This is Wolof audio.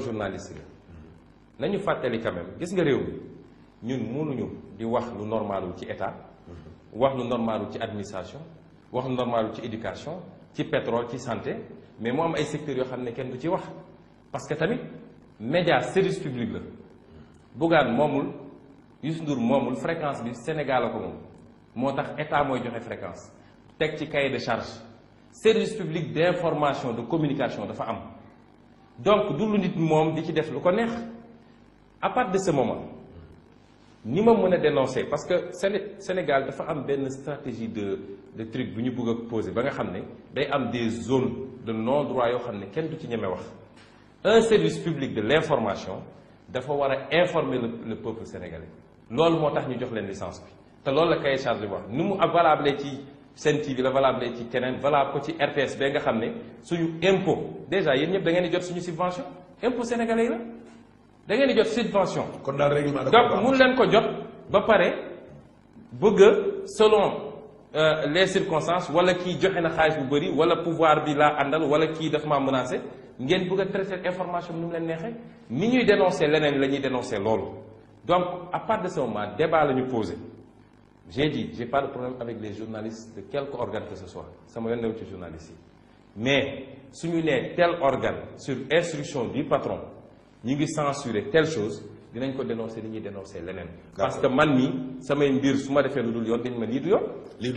journaliste la nañu fàttali quand gis nga réew mi ñun mënuñu di wax lu normalul ci état wax lu normalul ci administration wax lu normalul ci éducation ci pétrole ci santé mais mu am ay secteurs yoo xam ne kenn du ci wax parce que tamit média service public la Bougane moomul Youssou Ndour moomul fréquence bi Sénégal la moom moo tax état mooy joxe fréquence teg ci cahier de charge service public d'information de communication dafa am donc du lu nit moom di ci def lu ko neex à partir de ce moment ni ma mën a dénoncer parce que Sénégal dafa am benn stratégie de de truc bu ñu bëgg a poser ba nga xam ne day am des zones de non droit yoo xam ne kenn du ci ñeme wax un service public de l'information dafa war a informer le, le peuple sénégalais loolu moo tax ñu jox leen licence bi te loolu la cahier charge bi wax ni mu valable ci Sen TV la valable ci keneen valable ko ci RTS ba nga xam ne suñu impôt déjà yéen ñëpp dangeen ngeen di jot suñu subvention impôt sénégalais la da ngeen di jot subvention. kon daal règlement donc mun leen ko jot ba pare bëgg a selon euh, les circonstances wala kii joxe na xaalis bu bari wala pouvoir bi laa àndal wala kii daf maa menacé ngeen bëgg a traiter information bi mu leen neexee ni ñuy dénoncer leneen la ñuy dénoncer loolu donc à partir de ce moment débat la ñu posé. j'ai dit j'ai pas de problème avec les journalistes de quelque organe que ce soit sama yoon new ci journalistes yi mais suñu nee tel organe sur instruction du patron ñu ngi censurer telle chose dinañ ko dénoncer li ñuy dénoncer leneen parce que man mi samay mbir su ma defee lu dul yoon dañ ma lii du yoon